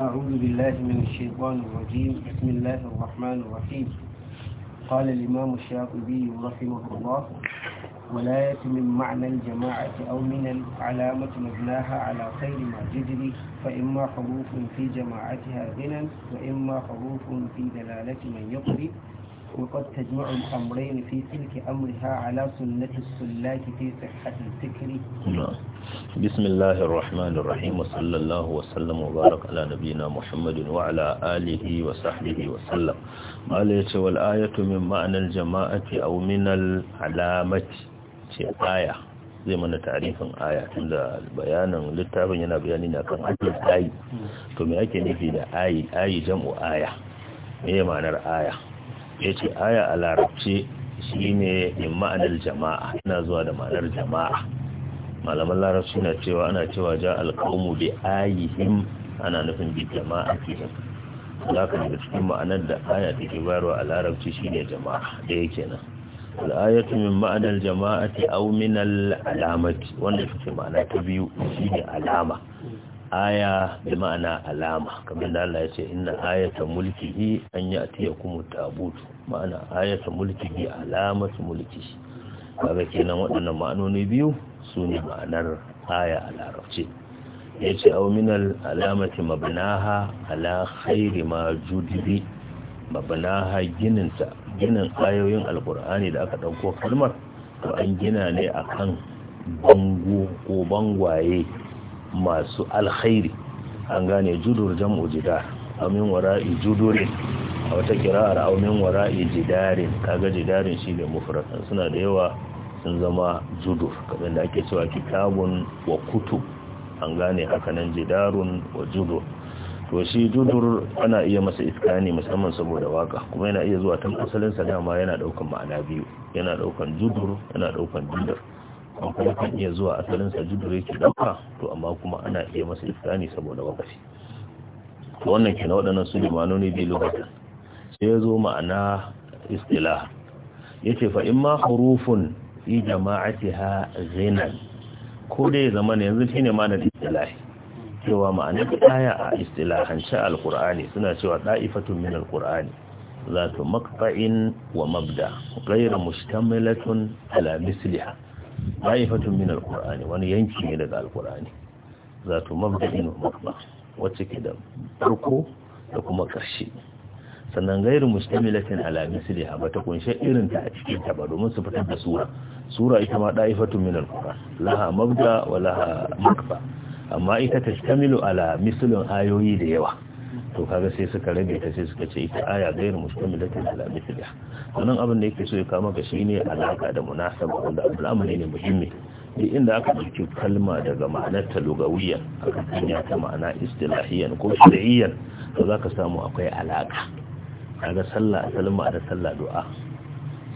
أعوذ بالله من الشيطان الرجيم بسم الله الرحمن الرحيم قال الإمام الشاطبي رحمه الله ولاية من معنى الجماعة أو من العلامة مبناها على خير ما جدري فإما حروف في جماعتها غنى وإما حروف في دلالة من يقري وقد تجمع الأمرين في سلك أمرها على سنة السلاك في صحة الفكر بسم الله الرحمن الرحيم وصلى الله وسلم وبارك على نبينا محمد وعلى آله وصحبه وسلم قال والآية من معنى الجماعة أو من العلامة آية zai mana tarifin aya tunda bayanin littafin yana bayani na kan ake ayi to me ake nufi da ayi ayi jam'u aya me ma'anar aya ya ce aya a larabci shi ne ma'anar jama'a yana zuwa da ma'anar jama'a malaman larabci na cewa ana cewa ja alƙawmu bi ayihim ana nufin bi jama'a fihim za ka daga cikin ma'anar da aya take bayarwa a larabci shi ne jama'a da yake nan al'ayatu min ma'anar jama'ati aw min al'alamati wanda suke ma'ana ta biyu shi ne alama aya da ma'ana alama kamar da Allah ya ce inna ayata mulkihi an ya tabut ma'ana ayata mulkihi alamatu mulkihi kaga kenan waɗannan ma'anoni biyu su ne ma'anar aya a larabci ya ce au minal alamati mabnaha ala khairi ma judibi mabnaha gininta ginin ayoyin alkur'ani da aka ɗauko kalmar to an gina ne akan bango ko bangwaye masu alkhairi an gane judur jam'u jidar amin wara'i judurin a wata kira'ar amin wara'i jidarin kaga jidarin shi ne mufrad suna da yawa sun zama judur kamar da ake cewa kitabun wa kutu an gane hakanan jidarun wa judur to shi judur ana iya masa iskani musamman saboda waka kuma yana iya zuwa tan asalin sa dama yana daukan ma'ana biyu yana daukan judur yana daukan judur an kuma kan iya zuwa asalin sa judure ke dauka to amma kuma ana iya masa iftani saboda wakafi. to wannan ke na waɗannan su limanoni bi lokacin sai ya zo ma'ana istilah yace fa in imma hurufun fi jama'atiha zinan ko dai zama ne yanzu shine ma da istilahi cewa ma'anar aya a istilahance alqur'ani suna cewa da'ifatun min alqur'ani ذات wa mabda غير mustamilatun ala misliha ma'ifatun min alkur'ani wani yanki ne daga alkur'ani zato mabda'in wa mabda wacce ke da farko da kuma ƙarshe sannan gairu mustamilatin ala misliha bata kunshe irin ta a cikin ta ba domin su fitar da sura sura ita ma da'ifatun min alquran laha mabda wa laha maqba amma ita tashtamilu ala mislin ayoyi da yawa to kaga sai suka rage ta sai suka ce ita aya gairu da ala mithliha wannan abin da yake so ya kama ga ne alaka da munasaba wanda al'amari ne muhimmi duk inda aka ɗauki kalma daga ma'anar ta aka kanya ta ma'ana istilahiyan ko shari'iyyan to za ka samu akwai alaka kaga sallah salma da sallah du'a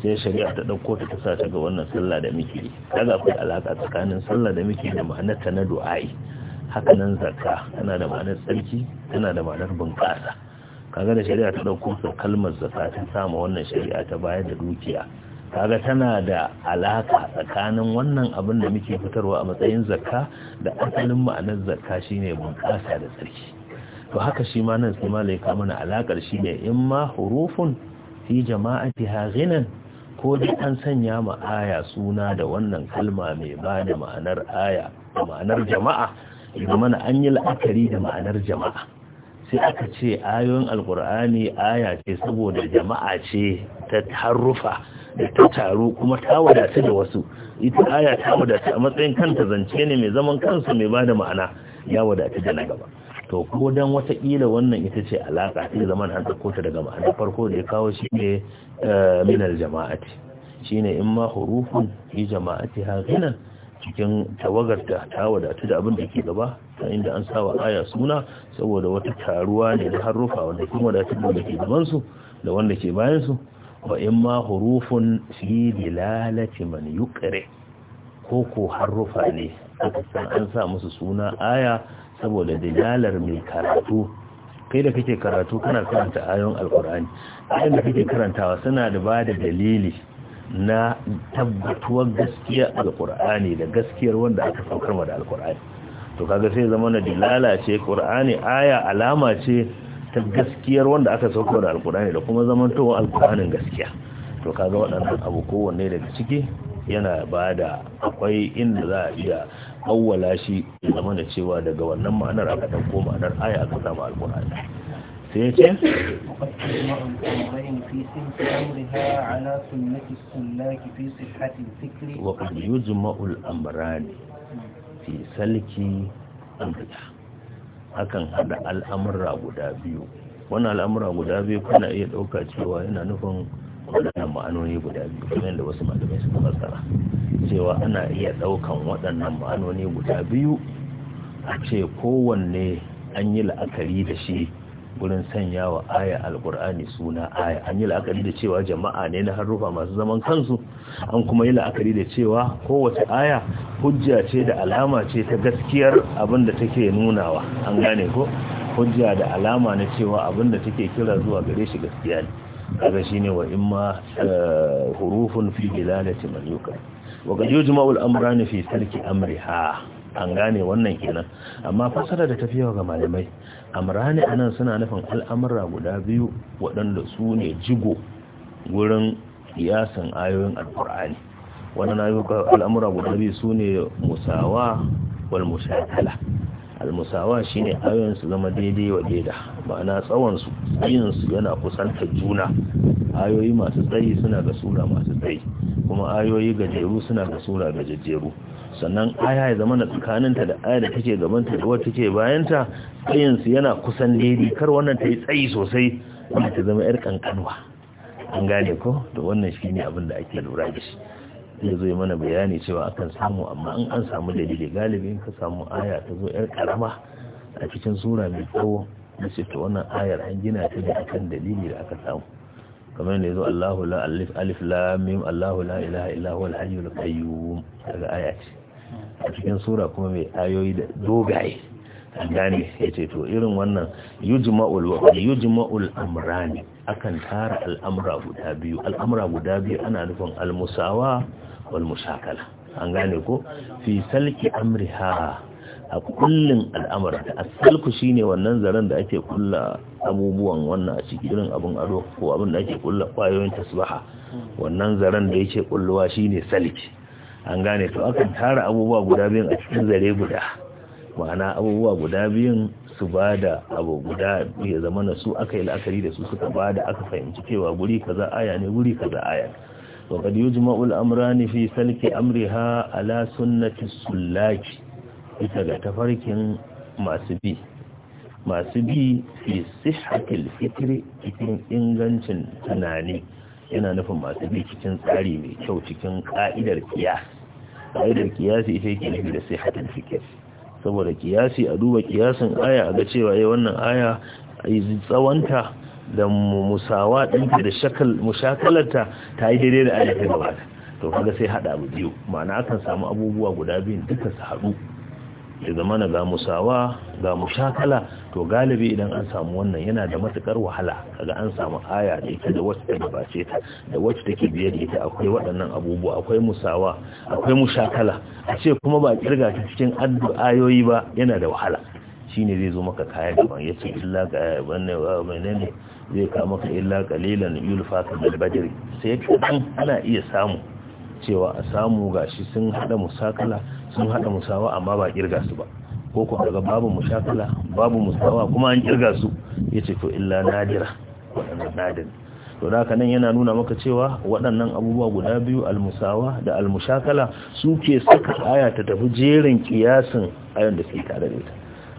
sai shari'a ta ɗauko ta sa ta ga wannan sallah da muke kaga akwai alaka tsakanin sallah da muke da ma'anar ta na du'a'i haka nan zakka tana da ma'anar tsarki tana da ma'anar bunƙasa kaga da shari'a ta ɗauko ta kalmar zakka ta sama wannan shari'a ta bayar da dukiya kaga tana da alaka tsakanin wannan abin da muke fitarwa a matsayin zakka da asalin ma'anar zakka shine bunƙasa da tsarki to haka shi ma nan sai malai ka mana alakar shi ne in ma hurufun fi jama'atiha ghinan ko dai an sanya ma aya suna da wannan kalma mai ba da ma'anar aya ma'anar jama'a ya mana an yi la'akari da ma'anar jama'a sai aka ce ayoyin alkur'ani aya ce saboda jama'a ce ta harufa da ta taru kuma ta wadata da wasu ita aya ta wadata a matsayin kanta zance ne mai zaman kansu mai ba da ma'ana ya wadata da na gaba to ko dan watakila wannan ita ce alaka ta zaman an ɗauko ta daga ma'ana farko da ya kawo shi ne eh, minar jama'ati shine in ma hurufun yi jama'ati ce cikin tawagarta ta wadatu da abin da ke gaba ta inda an sawa aya suna saboda wata taruwa ne da harufa wanda kuma wadatu da wanda ke gabansu da wanda ke bayansu wa in ma hurufun fi dilalati man yuqri ko ko harufa ne aka san an sa musu suna aya saboda dilalar mai karatu kai da kake karatu kana karanta ayoyin alkur'ani ayoyin da kake karantawa suna da ba da dalili na tabbatuwar gaskiya alƙur'ani da gaskiyar wanda aka saukar wa da alkur'ani to kaga sai zama na dilala ce qur'ani aya alama ce ta gaskiyar wanda aka saukar da alqur'ani da kuma zamantowa alkur'ani gaskiya to kaga waɗannan abu kowanne daga ciki yana ba da akwai inda za a iya awwala shi zama da cewa daga wannan ma'anar aka ɗauko ma'anar aya aka zama alqur'ani sai ya ce wa ƙadiyu jima'ul amurani fi salki amurka akan hada al'amura guda biyu wani al'amura guda biyu kuna iya ɗauka cewa yana nufin waɗannan ma'anoni guda biyu kuma da wasu malamai suka fassara cewa ana iya ɗaukan waɗannan ma'anoni guda biyu a ce kowanne an yi la'akari da shi gurin sanya wa aya alkur'ani suna aya an yi la'akari da cewa jama'a ne na harufa masu zaman kansu an kuma yi la'akari da cewa kowace aya hujja ce da alama ce ta gaskiyar abin da take nunawa an gane ko hujja da alama na cewa abin da take kira zuwa gare shi gaskiya ne kaga shine wa imma eh, hurufun fi bilalati man yukra wa qad yujma'u amrani fi sarki amriha an gane wannan kenan amma fasara da tafiya ga malamai amrani anan suna nufin al'amura guda biyu waɗanda su ne jigo wurin iyasan ayoyin alkur'ani wannan al'amura guda biyu su ne musawa wal mushakala almusawa shine ayoyin su zama daidai wa daida ma'ana tsawon su su yana kusanta juna ayoyi masu tsayi suna ga sura masu tsayi kuma ayoyi gajeru suna ga sura gajejjeru sannan aya ya zama na tsakaninta da aya da take gabanta da wata take bayanta tsayinsu yana kusan daidai kar wannan ta yi tsayi sosai wanda ta zama 'yar kankanwa an gane ko da wannan shi ne abin da ake lura da shi zai zo mana bayani cewa akan samu amma in an samu dalili galibin ka samu aya ta zo 'yar karama a cikin sura mai tsawo da ce ta wannan ayar an gina ta da akan dalili da aka samu kamar da ya zo Allahu la alif alif mim Allahu la ilaha illa huwa al-hayyul daga aya ce a cikin sura kuma mai ayoyi da dogaye gane ya ce to irin wannan yujma'ul wa yujma'ul amrani akan tara al'amra guda biyu al'amra guda biyu ana nufin almusawa wal mushakala an gane ko fi salki amriha a kullun al'amura da asalku shine wannan zaren da ake kulla abubuwan wannan a cikin irin abin ado ko abin da ake kulla kwayoyin tasbaha wannan zaren da yake kulluwa shine salki an gane to akan tara abubuwa guda biyun a cikin zare guda ma'ana abubuwa guda biyun su ba da abu guda ya zama na su aka yi la'akari da su suka ba da aka fahimci cewa guri kaza aya ne guri kaza aya wa qad yujma'u al-amrani fi salki amriha ala sunnati sullaki ita ga tafarkin masu bi masu bi fi sihhatil fitri cikin ingancin tunani yana nufin masu bi cikin tsari mai kyau cikin ka'idar kiyasi ka'idar kiyasi ita yake nufi da sai hatin fikir saboda kiyasi a duba kiyasin aya a ga cewa yi eh, wannan aya tsawonta da musawa ɗinta da mushakalarta ta yi daidai da aya ta gabata to kaga sai hada abu biyu ma'ana akan samu abubuwa guda biyun duka su haɗu ya zama na ga musawa ga shakala to galibi idan an samu wannan yana da matukar wahala kaga an samu aya da ita da wacce ta bace ta da wacce take biye da ita akwai waɗannan abubuwa akwai musawa akwai mushakala a ce kuma ba kirga ta cikin addu'ayoyi ba yana da wahala shine zai zo maka kaya da ban yace illa ga wannan ne zai ka maka illa qalilan yulfa ka bil badri sai kadan ana iya samu cewa a samu gashi sun hada musakala sun haɗa musawa amma ba kirga su ba ko kuma daga babu mushakala babu musawa kuma an kirga su yace to illa nadira waɗannan nadin to da nan yana nuna maka cewa waɗannan abubuwa guda biyu almusawa da su ke saka aya ta tafi jerin kiyasin ayan da suke tare da ita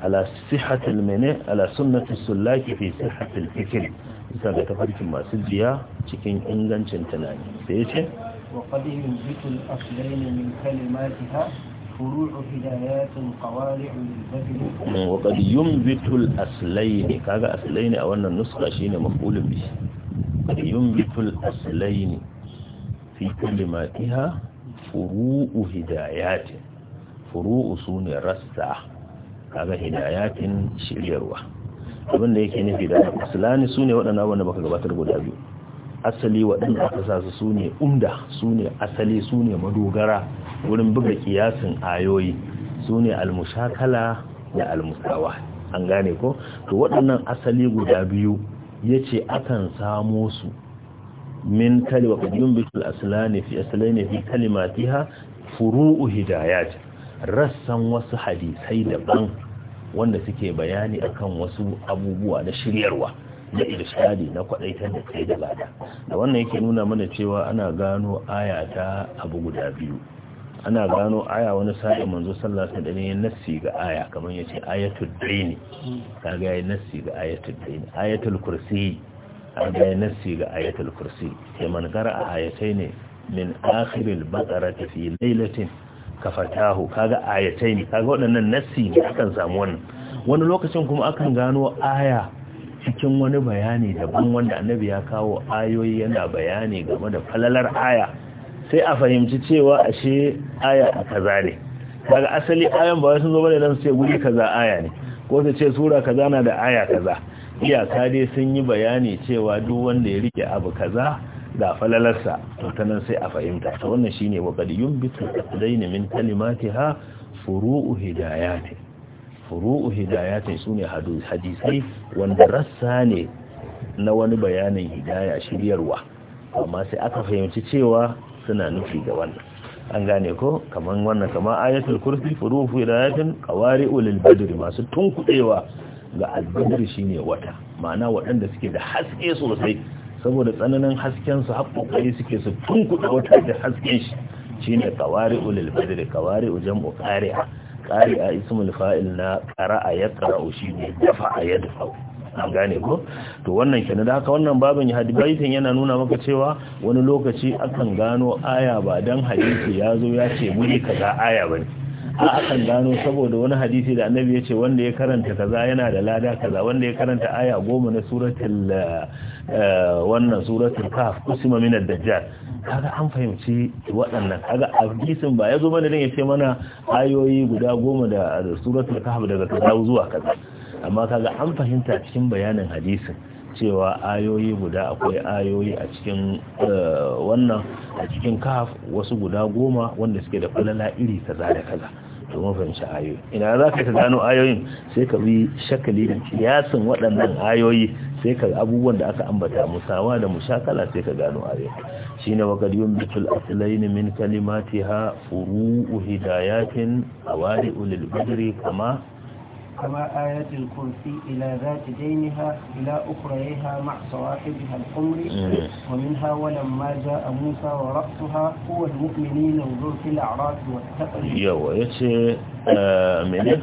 ala sihhatil mene ala sunnati sullaki fi sihhatil fikr bisa ga tafarkin masu jiya cikin ingancin tunani sai ya ce وقد يثبت من كلماتها فروع هدايات قوارع للبذل وقد ينبت الأصلين كذا أصلين أو أن النسخة شين مفعول به قد ينبت الأصلين في كلماتها فروع هدايات فروع صون رسع كذا هدايات شريروا abin da yake nufi da aslani su ne waɗanda wanda baka gabatar guda biyu asali waɗanda aka sa su ne umda su ne asali su ne madogara wurin buga kiyasin ayoyi su ne almushakala da almusawa an gane ko to waɗannan asali guda biyu ya ce akan samo su min kalwa kudin bikin asalani fi asalani fi kalimatiha furu'u hidayat rassan wasu hadisai daban wanda suke bayani akan wasu abubuwa na shiryarwa da irshadi na kwadaitar da kai da bada da wannan yake nuna mana cewa ana gano ayata abu guda biyu ana gano aya wani sa'in manzo sallallahu alaihi wasallam nassi ga aya kamar yace ayatul dini kaga ya nassi ga ayatul dini ayatul kursi kaga ya nassi ga ayatul kursi sai man gara ayatai ne min akhiril baqarati fi lailatin kafatahu kaga ayatai ne kaga wadannan nassi ne akan samu wannan wani lokacin kuma akan gano aya cikin wani bayani daban wanda annabi ya kawo ayoyi yana bayani game da falalar aya sai a fahimci cewa ashe aya a kaza ne daga asali ayan ba sun zo bane dan su ce guri kaza aya ne ko su ce sura kaza na da aya kaza iyaka dai sun yi bayani cewa duk wanda ya rike abu kaza da falalarsa to ta nan sai a fahimta ta wannan shine wa qad yumbitu daini min kalimatiha furu'u hidayati furu'u hidayati sune hadisai wanda rassa ne na wani bayanin hidaya shiryarwa amma sai aka fahimci cewa suna nufi ga wannan an gane ko kaman wannan kaman ayatul kursi furufu ilayatin qawari'u lil badri masu tunkudewa ga al shine wata ma'ana waɗanda suke da haske sosai saboda tsananin hasken su kai suke su tunkuɗe wata da hasken shi shine qawari'u lil badri qawari'u jam'u qari'a qari'a ismul fa'il na qara'a yaqra'u shine dafa'a yadfa'u an gane ko to wannan kenan da haka wannan babin baitin yana nuna maka cewa wani lokaci akan gano aya ba dan hadisi ya zo ya ce muni kaza aya bane a akan gano saboda wani hadisi da annabi ya ce wanda ya karanta kaza yana da lada kaza wanda ya karanta aya goma na suratul eh, wannan suratul kaf kusima min ad-dajjal kaga an fahimci waɗannan kaga hadisin ba ya zo mana dan ya ce mana ayoyi guda goma da suratul kaf daga kaza zuwa kaza amma kaga an fahimta cikin bayanin hadisin cewa ayoyi guda akwai ayoyi a cikin eh, wannan a cikin kaf wasu guda goma wanda suke da falala iri kaza da kaza to mun fahimci ayoyi ina za ka ta gano ayoyin sai ka bi shakali da kiyasin waɗannan ayoyi sai ka abubuwan da aka ambata musawa da mushakala sai ka gano ayoyi shi ne wakar yun bitul aslain min kalimatiha furu'u hidayatin awali ulil badri kama كما آية الكرسي إلى ذات دينها إلى أخريها مع صواحبها الحمر ومنها ولما جاء موسى ورأسها هو المؤمنين وذر في الأعراف والتقل يو يتي منه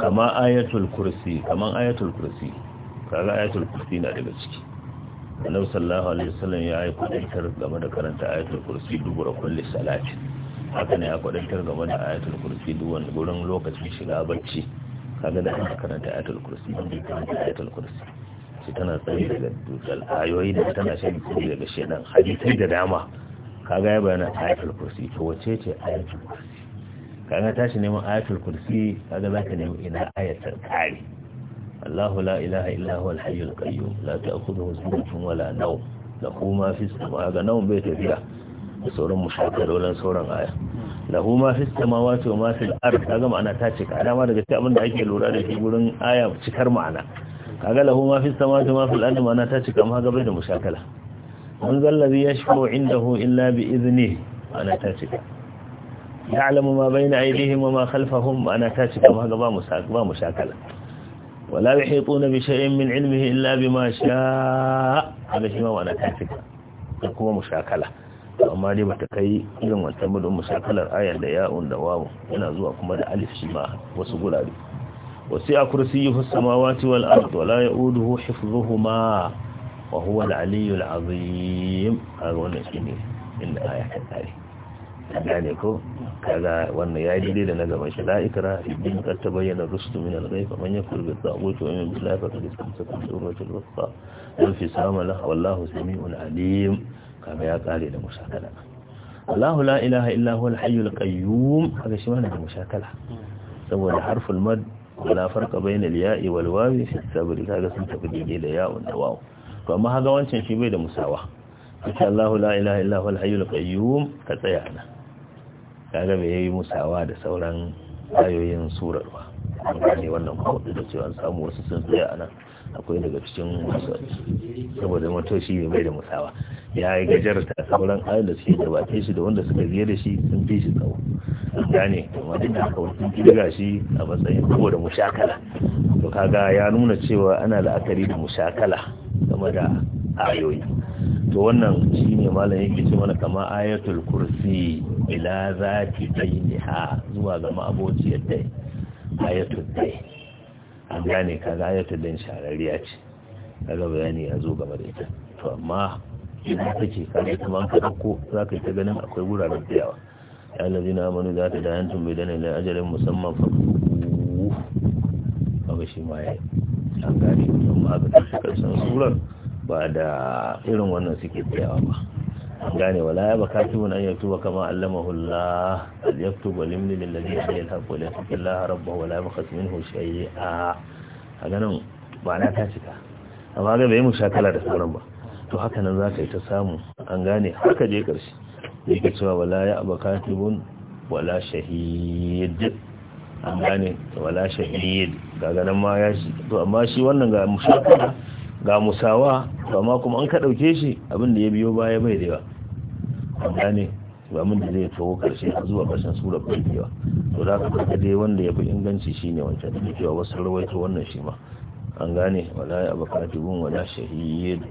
كما آية الكرسي كما آية الكرسي كما آية الكرسي نعرفتك annabi sallallahu alaihi wasallam ya yi kwadaitar game da karanta ayatul kursi dubura kulli salati haka ne ya kwadaitar game da ayatul kursi duwan gurin lokacin shiga bacci kaga da an karanta ayatul kursi wanda ta karanta ayatul kursi shi tana tsaye daga dukkan ayoyi da tana shan kuri daga shedan hadisai da dama kaga ya bayyana ayatul kursi to wace ce ayatul kursi kaga tashi neman ayatul kursi kaga ka nemi ina ayatul kari Allahu la ilaha illa huwa al-hayyul qayyum la ta'khudhuhu sinatun wala nawm lahu ma fis as-samawati wa ma fi ardh da sauran mushakalolin sauran aya lahu ma fi ma fil ard kaga ma'ana ta dama daga cikin abin da ake lura da shi gurin aya cikar ma'ana kaga lahu ma fi samawati wa ma fil ard ma'ana ta cika ma gaba da mushakala man indahu illa bi ta ya'lamu ma bayna aydihim wa ma khalfahum ta ma gaba mushakala ولا يحيطون بشيء من علمه بما شاء هذا شيء ما amma dai bata kai irin wancan ba don musakalar ayar da ya'un da wawu yana zuwa kuma da alif shi ma wasu gurare wasu a kursi yi fi samawati wal ard wala ya'uduhu hifdhuhuma wa huwa al-aliyyu al-azim kaga wannan shine inda aya ta kare gane ko kaga wannan ya jide da na gaban shi la ikra idan ka tabayyana rusul min al-ghayb man yakul bi ta'awut wa min billahi fa qad istamsaka bi urwatil wuthqa wal fi lahu wallahu sami'un alim kaga ya tsare da mushakala Allahu la ilaha illa huwa al-hayyul qayyum kaga shi wannan da mushakala saboda harful mad wala farqa bayna al-ya'i wal wawi fi sabr kaga sun tafi daidai da ya'u da wawu to amma kaga wancan shi bai da musawa insha Allahu la ilaha illa huwa al-hayyul qayyum ka tsaya nan kaga bai yi musawa da sauran ayoyin surar ba an gane wannan kuma da cewa samu wasu sun tsaya nan akwai daga cikin masu saboda mato shi ne mai da musawa ya yi ta sauran ayyar da suke gabatai shi da wanda suka biye da shi sun fi shi tsawo gane kuma duk da haka wasu shi a matsayin da mushakala to kaga ya nuna cewa ana la'akari da mushakala game da ayoyi to wannan shi ne malam yake ce mana kama ayatul kursi ila zati bainiha zuwa ga ma'abociyar dai ayatul dai an gane kaga ta din shararriya ce ga bayani ya zo gaba da ita to amma ce ka kaga kuma ka dauko zaka ta ganin akwai wuraren da yawa ya na amanu za ta tun bai dana la ajalin musamman fa kaga shi ma an gane amma ga surar ba da irin wannan suke tsayawa ba gane wala ya bakatun an wa kama allamahu Allah al yaktub wal yamli lil ladhi alayhi al haqq wa cikin Allah rabbahu wa la yakhaf minhu shay'a a ganin ba na ta cika amma ga bai mu shakala da sauran ba to haka nan za ka yi ta samu an gane haka je karshe ka cewa wala ya abakatun wala shahid an gane wala shahid ga ganin ma ya shi to amma shi wannan ga mushakala ga musawa to amma kuma an ka dauke shi abin da ya biyo baya bai da yawa an gane abin da zai taho karshe a zuwa karshen surar barkewa to za ka dai wanda ya fi inganci shi ne wancan da wa wasu rawaito wannan shi ma an gane wala ya bakatibun wala shahid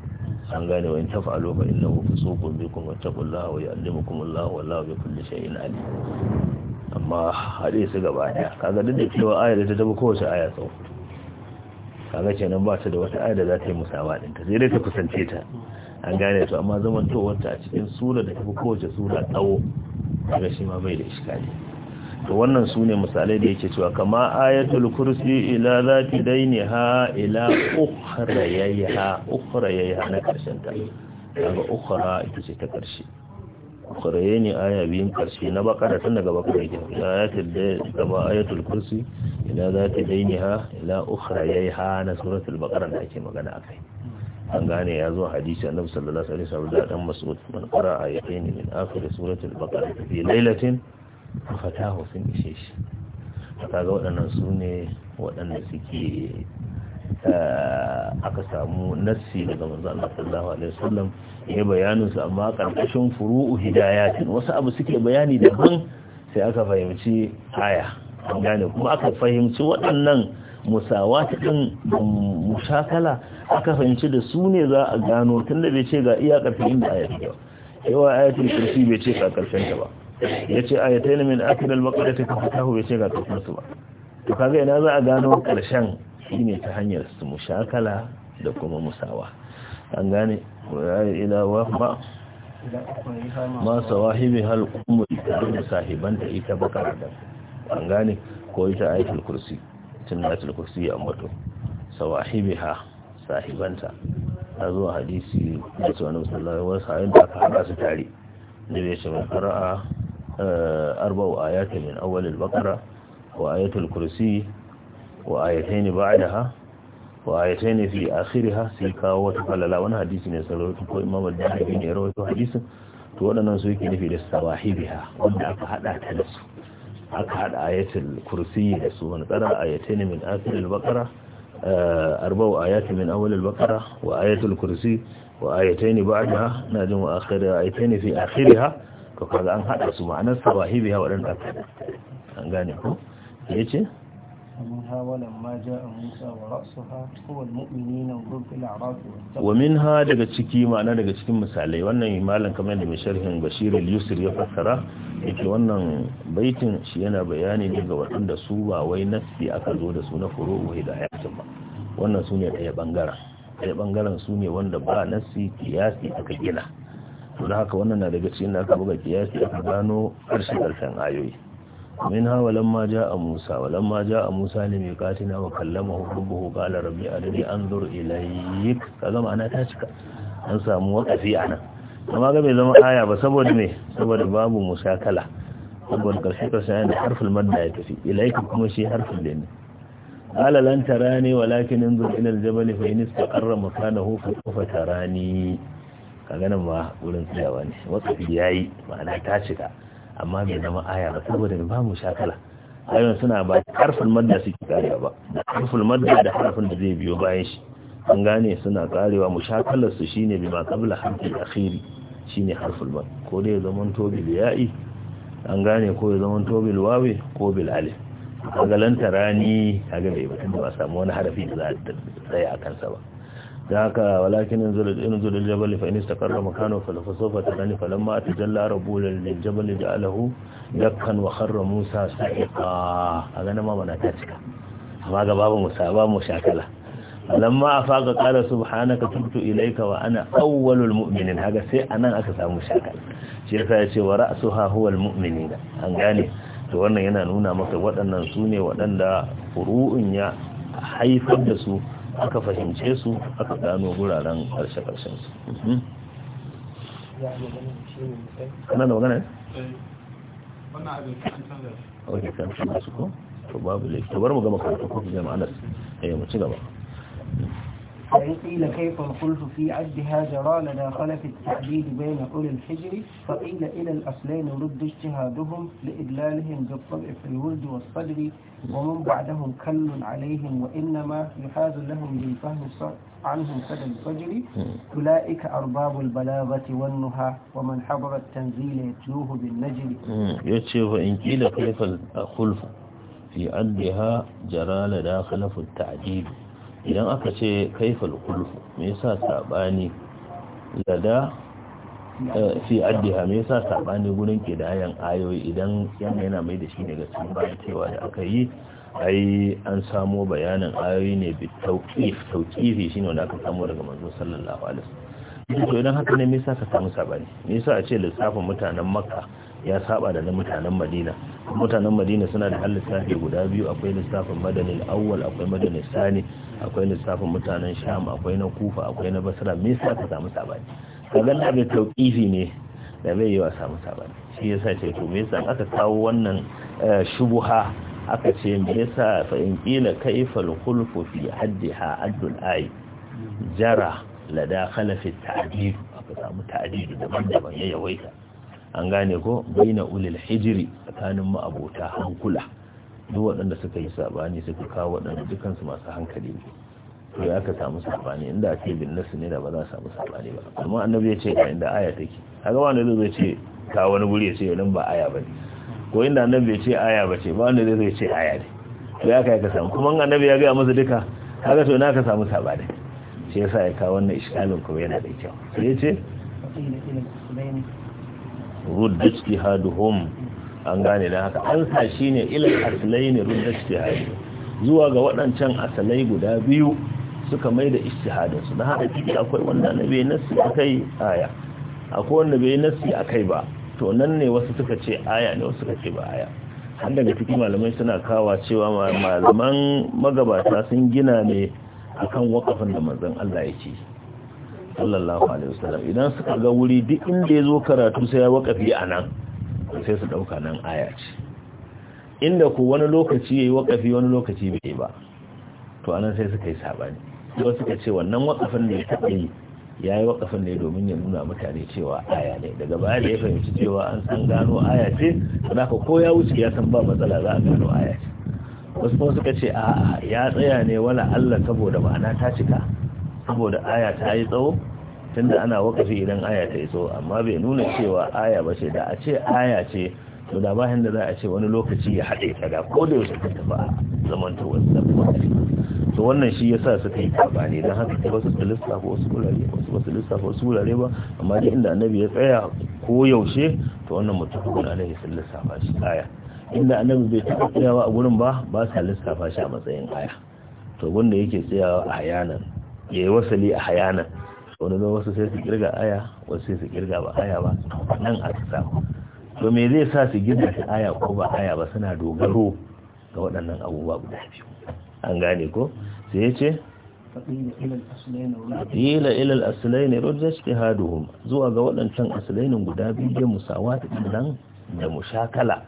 an gane wani wa in tafa'alu fa innahu fusuqun bikum wattaqullaha wa kuma Allah wallahu bi kulli shay'in alim amma haɗe su gaba daya kaga duk da cewa ayar da ta tabi kowace aya tsawo kaga kenan ba ta da wata aya da za ta yi musawa ɗinta zai rai ta kusance ta an gane su amma zaman towarta a cikin sura da kuma kowace sura tsawo daga shi ma bai da iskali to wannan su ne misalai da yake cewa kama ayatul kursi ila zati ha ila ukhrayaiha ukhrayaiha na karshen ta daga ukhra ita ce ta karshe ukhraye ne aya biyun karshe na bakara tun daga bakara ke ila kama ayatul kursi ila zati ila na suratul bakara da ake magana akai an gane ya zo hadisi annabi sallallahu alaihi wasallam da dan mas'ud man qara ayatayn min akhir surati al-baqara fi laylatin fatahu sun ishe shi kaga waɗannan sune ne waɗanda suke eh, aka samu nassi daga manzo Allah sallallahu alaihi wasallam ya bayanin su amma karkashin furu'u hidayatin wasu abu suke bayani daban sai aka fahimci aya an gane kuma aka fahimci waɗannan musawata din um, mushakala aka fahimci da su ne za a gano tun da bai ce ga iya ƙarfi inda ayat ba yawa yadda kursi bai ce ga ƙarfin ta ba yace ayatayn min akhir al-baqara ta tahu bai ce ga ƙarfin su ba to kaga ina za a gano ƙarshen shi ne ta hanyar su mushakala da kuma musawa an gane ila wa ba ma sawahibi hal umri da sahibanta ita bakara da an gane ko ita ayatul kursi lokacin da kursi ya ambato sawahibiha sahibanta ta zuwa hadisi da su annabi sallallahu alaihi wasallam da aka haɗa su tare da bai ce man qara'a eh, arba'u ayati min awwal al-baqara wa ayatul kursi wa ayatayn ba'daha wa ayatayn fi akhiriha sai kawo wata falala wani hadisi ne sallallahu ko imam al-dahabi ne rawaito hadisin to waɗannan su yake nufi da sawahibiha wanda aka haɗa ta da su aka hada ayatul kursi da su wani tsara ne min akhir al-baqara eh, arba'u ayatin min awal al-baqara wa ayatul kursi wa ayatain ba'daha na jin wa akhir ayatain fi ha to kaga an hada su ma'anar sawahibiha wadanda aka an gane ko yace ومنها ولما جاء موسى ورأسها هو المؤمنين daga ciki ma'ana daga cikin misalai wannan malam kamar da mai sharhin Bashir al-Yusri ya fassara yake wannan baitin shi yana bayani daga waɗanda su ba wai nassi aka zo da su na furu'u hidayatin ba wannan su ne ɗaya ɓangaren ɗaya ɓangaren su ne wanda ba nassi kiyasi aka gina to da haka wannan na daga cikin da aka buga kiyasi aka gano ƙarshen ƙarshen ayoyi min ha walan ma ja'a Musa walan ma ja'a Musa ne mai katina wa kallamahu rabbuhu qala rabbi arini anzur ilayk kaga ana ta cika an samu waqafi anan amma ga bai zama aya ba saboda ne saboda babu musakala saboda karshe karshe yana harfin madda ya tafi ilaika kuma shi da ne قال لن تراني ولكن انظر الى الجبل فان استقر مكانه فسوف تراني kaga nan ma wurin tsayawa ne wasu yayi ma'ana ta cika amma bai zama aya ba saboda ba mu shakala ayon suna ba harfin madda suke karewa ba da harfin madda da harfin da zai biyo bayan shi an gane suna karewa mushakalar su shine bi ma qabla harfi akhiri ne harful ba ko dai zaman tobil ya ya'i an gane ko ya zaman tobil wawe ko bil alif rani rani a kaga bai mutum ba samu wani harafi da za a tsaya a kansa ba da haka walakin yanzu da jabal fa in istaqarra makanu fa sawfa tarani falamma tajalla rabbul da jabal ja'alahu dakkan wa harra musa sa'iqa a ganin ma bana ta cika amma ga babu musa babu shakala lamma afaqa qala subhanaka tubtu ilayka wa ana awwalul mu'minin haga sai anan aka samu shakal shi yasa yace wa ra'suha huwa al mu'minina an gane to wannan yana nuna maka waɗannan su ne waɗanda furu'un ya haifar da su aka fahimce su aka gano guraren karshe karshen su mhm. kana da magana eh, wannan abin kan shi masu ko? to babu laifi bar mu gama kwanakon kofi jama'a da eh mu ci gaba فإن قيل كيف الخلف في عدها جرى لنا خلف التحديد بين أولي الحجر فقيل إلى الأصلين رد اجتهادهم لإدلالهم بالطبع في الورد والصدر ومن بعدهم كل عليهم وإنما يحاز لهم بالفهم عنهم سد الفجر أولئك أرباب البلاغة والنهى ومن حضر التنزيل يتلوه بالنجل يتشف إن قيل كيف الخلف في عدها جرى لنا خلف التعديد idan aka ce kaifal kulfu me yasa sabani lada eh, fi addiha me yasa sabani gurin kidayan ayoyi idan yana yana mai da shi ne ga cikin bayan cewa da aka yi ai an samo bayanin ayoyi ne bi tauqif tauqifi shine wanda aka samu daga manzo sallallahu alaihi wasallam to idan haka ne me yasa ka samu sabani me yasa a ce lissafin mutanen makka ya saba da na mutanen madina mutanen madina suna da hal guda biyu akwai lissafin madanin awwal akwai madanin sani akwai lissafin mutanen sham akwai na kufa akwai na basra me yasa ka samu sabani kaga na bai tauqifi ne da bai yiwa samu sabani shi yasa ce to me yasa aka kawo wannan eh, shubuha aka ce me yasa fa in qila kayfa al-khulfu fi haddiha addul ay jara la dakhala fi ta'dil aka samu ta'dil daban-daban ya yawaita an gane ko baina ulil hijri tsakanin abota hankula duk waɗanda suka yi sabani suka kawo waɗanda dukansu masu hankali ne to ya aka samu sabani inda ake bin nasu ne da ba za a samu sabani ba amma annabi ya ce ga inda aya take kaga wanda zai ce ka wani guri ya ce nan ba aya ba ko inda annabi ya ce aya ba ce ba wanda zai ce aya ne to ya aka ka samu kuma annabi ya gaya masa duka kaga to na ka samu sabani shi yasa ya kawo wannan iskalin kuma yana da kyau sai ya ce ruddat jihaduhum an gane da haka an sa shi ne ilal asalai ne rudda istihadi zuwa ga waɗancan asalai guda biyu suka mai da istihadinsu na haka ciki akwai wanda na bai nasi akai aya akwai wanda bai nasi akai ba to nan ne wasu suka ce aya ne wasu suka ce ba aya har daga ciki malamai suna kawa cewa malaman magabata sun gina ne akan wakafin da manzan Allah ya ce sallallahu alaihi wasallam idan suka ga wuri duk inda ya zo karatu sai ya wakafi a nan sai su ɗauka nan aya ce inda ku wani lokaci ya yi wakafi wani lokaci bai ba to anan sai suka yi saɓani wasu suka ce wannan wakafin da ya taɓa yi ya yi wakafin ne domin ya nuna mutane cewa aya ne daga baya da ya fahimci cewa an san gano aya ce da ka ko ya wuce ya san ba matsala za a gano aya ce wasu kuma suka ce a ya tsaya ne wala Allah saboda ma'ana ta cika saboda aya ta yi tsawo tunda ana wakafi idan aya ta iso amma bai nuna cewa aya ba ce da a ce aya ce to da ba da za a ce wani lokaci ya haɗe ta da ko da yaushe ta ba zaman ta wakafi to wannan shi yasa suka yi kabani don haka ta wasu su lissafa wasu wurare wasu wasu lissafa wasu wurare ba amma duk inda annabi ya tsaya ko yaushe to wannan mutum alaihi sun lissafa shi aya inda annabi bai taɓa tsayawa a gurin ba ba sa lissafa shi a matsayin aya to wanda yake tsayawa a hayanan ya yi wasali a hayanan wani don wasu sai su kirga aya wasu sai su kirga ba aya ba nan aka samu to me zai sa su gina shi aya ko ba aya ba suna dogaro ga waɗannan abubuwa guda biyu an gane ko sai ya ce ila ilal asulaini rujja ijtihaduhum zuwa ga waɗancan asulainin guda biyu musawa idan da mushakala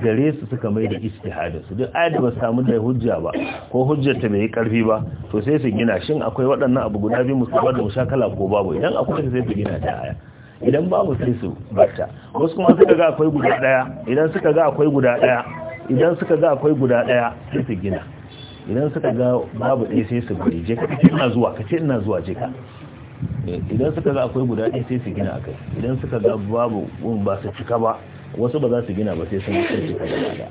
gare su suka mai da istihadin su duk ayat da ba samu da hujja ba ko hujjar ta bai karfi ba to sai su gina shin akwai waɗannan abu guda biyu musamman da mushakala ko babu idan akwai sai su gina ta aya idan babu sai su bata wasu kuma suka ga akwai guda daya idan suka ga akwai guda daya idan suka ga akwai guda daya sai su gina idan suka ga babu ɗaya sai su bari je ka ina zuwa ka ce ina zuwa je ka idan suka ga akwai guda ɗaya sai su gina akai idan suka ga babu gun ba su cika ba wasu ba za su gina ba sai sun karfi ta gaba